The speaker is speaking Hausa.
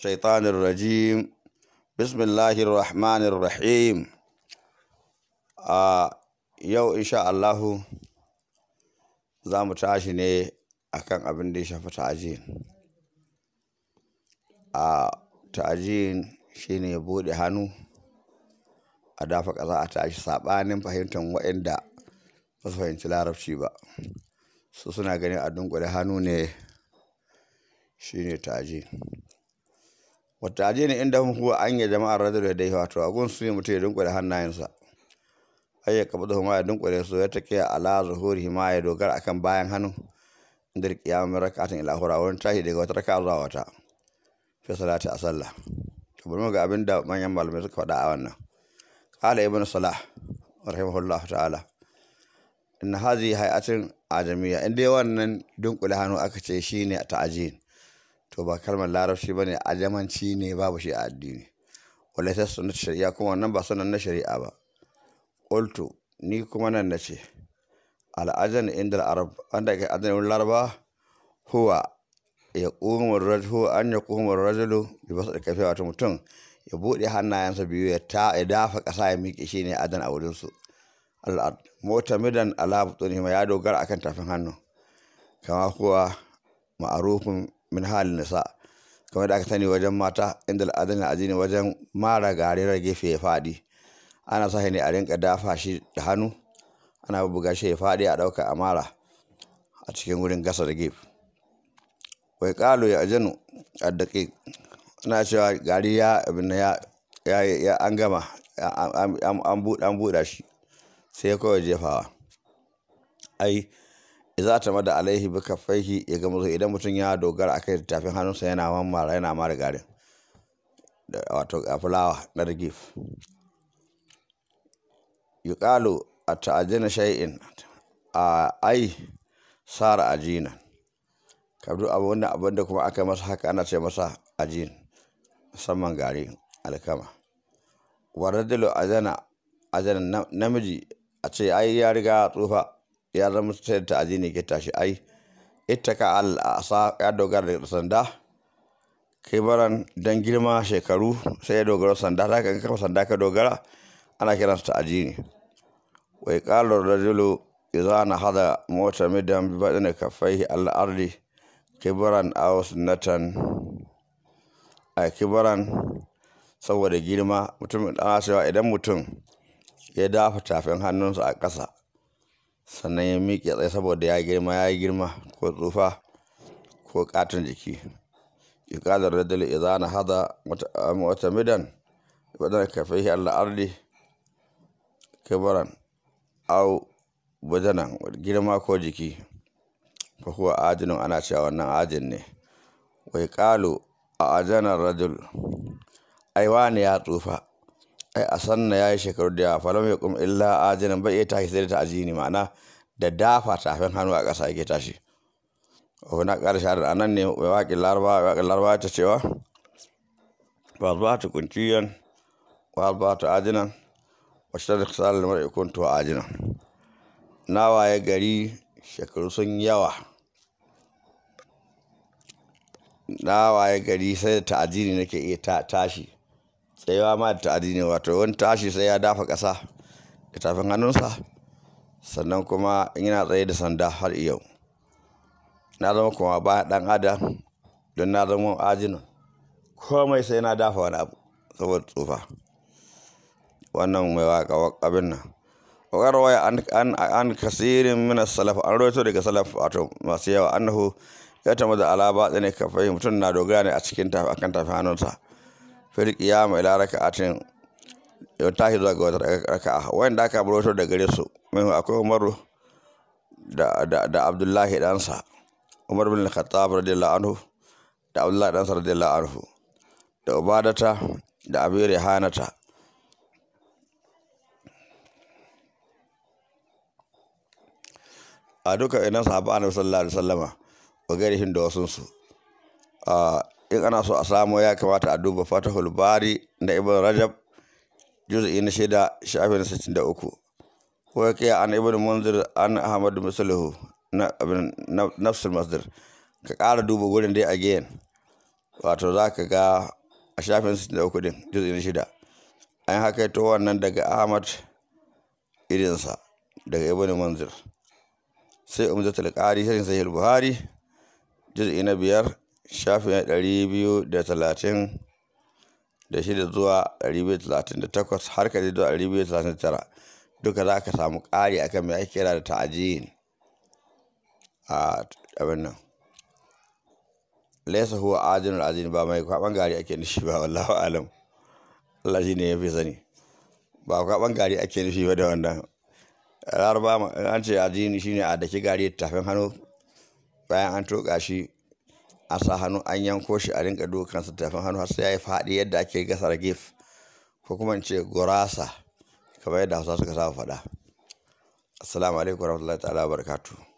الشيطان الرجيم بسم الله الرحمن yau insha'Allahu Allahu za mu tashi ne akan abin da ya shafi ta'ajin a ta'ajin shine buɗe hannu a dafa ƙasa a tashi saɓanin fahimtar waɗanda ba fahimci larabci ba su suna ganin a dunkule hannu ne shine ta'ajin wata ne inda huwa an yi jama'ar radar ya dai wato a su yi mutum ya dunkule hannayensa ai ya kabu huma ya dunkule su ya take ala zuhuri ma ya dogara akan bayan hannu inda rikiya mai rakatun ilahura wurin tashi daga wata raka zuwa wata fi salati a sallah to bari mu ga abin da manyan malamai suka faɗa a wannan qala ibnu salah rahimahullahu ta'ala inna hazi hay'atin ajamiya inda wannan dunkule hannu aka ce shi shine ta'ajin to ba kalmar larabci ba ne alyamanci ne babu shi a addini wallahi sai sunan shari'a kuma wannan ba sunan na shari'a ba qultu ni kuma nan na ce al'ajan inda arab wanda ke ajan wurin laraba huwa ya kuma rajulu an ya kuma rajulu bi basu da kafiya wata mutum ya buɗe hannayensa biyu ya ta ya dafa ƙasa ya miƙe shi ne ajan a wurinsu al'ad midan ala butuni ma ya dogara akan tafin hannu kama kuwa ma'arufin min halin nisa kamar da aka sani wajen mata inda al'adun azini wajen mara gari gefe ya faɗi ana sa ne a rinka dafa shi da hannu ana buga shi ya faɗi a ɗauka a mara a cikin wurin gasa da gefe wai ƙalo ya ajanu a daƙi Ina cewa gari ya abin ya an gama an buɗa shi sai kawai jefawa ai ta mada alaihi baka faihi ya gamsu idan mutum ya dogara akai tafin hannunsa yana mamara yana mara garin wato a fulawa na rigif yuqalu ata'ajjana shay'in a ai sara ajina kabdu abu wanda abin da kuma aka masa haka ana ce masa ajin musamman gari alkama waradilu ajana ajana namiji a ce ai ya riga tsufa ya zama sai ta ta'azi ne ke tashi ai ita ka al'asa ya dogara da sanda kibaran dan girma shekaru sai ya dogara sanda ta kan kafa sanda ka dogara ana kiran ta ne wai da zulu idza na hada mu'tamidan bi badin kaffaihi al ardi kibaran aw sunnatan a kibaran saboda girma mutum idan mutum ya dafa tafin hannunsa a ƙasa sannan ya miƙe tsaye saboda ya girma ya girma ko tsufa ko katon jiki iqalar rajul idza nahada mu'tamidan wadan kafaihi al ardi kibaran au wajanan girma ko jiki fa huwa ajinun ana cewa wannan ajin ne wai kalu a ajanar rajul aiwa ne ya tsufa ai a sanna ya yi shekaru da yawa falon ya kuma illa ajinan bai iya tashi sai da ta'ajini ma'ana da dafa tafin hannu a ƙasa yake tashi na ƙara shahadar a nan ne waƙin laraba waƙin laraba ta cewa ba ba ta kunciyan ba ba ta ajinan shi ta da mara ikon to ajinan na waye gari shekaru sun yawa na waye gari sai da ta'ajini nake iya tashi ya ma da ta'adi ne wato wani tashi sai ya dafa ƙasa da tafin hannunsa sannan kuma yana tsaye da sanda har yau na zama kuma ba ɗan adam don na zama ajinan komai sai na dafa wani abu saboda tsufa wannan mai waka abin nan wakar waya an kasirin mina salaf an roto daga salaf wato masu yawa annahu ya tamu da alaba tsini kafai mutum na dogara ne a cikin akan tafi hannunsa fil qiyam ila raka'atin ya tashi zuwa ga wata raka'a da aka baroto da gare su mai akwai Umaru da da da Abdullahi ɗansa Umar bin Khattab radiyallahu anhu da Abdullahi ɗansa radiyallahu anhu da Ubadata da abiri hanata a duka inan sahaba annabi sallallahu alaihi wasallama wa gairihin da su. in ana so a samu ya kamata a duba fatahul bari na ibn rajab juz'i na shida shafin sittin da uku ko ya kai an ibn munzir an ahmad musulhu na nafsul masdar ka ƙara duba gurin dai again wato za ka ga a shafin sittin da uku din juz'i na shida an haka to wannan daga ahmad irinsa daga ibn munzir sai umzatul qari shirin sahih buhari juz'i na biyar shafi ɗari biyu da talatin da shida zuwa ɗari biyu talatin da takwas har ka zuwa ɗari biyu talatin tara duka za ka samu ƙari kan mai ake kira da ta'ajiyin a abin nan laisa huwa ajin ajin ba mai kwaban gari ake nishi ba wallahu alam Allah shi ne ya fi sani ba kwaban gari ake nishi ba da wannan laraba an ce ajiyin shi ne a daki gari tafin hannu bayan an toka shi a sa hannu an yanko shi a rinka su tafin hannu har sai ya yi faɗi yadda ake gasar gif ko kuma ce gurasa kamar yadda hausa suka saba faɗa assalamu alaikum warahmatullahi ta'ala barakatuh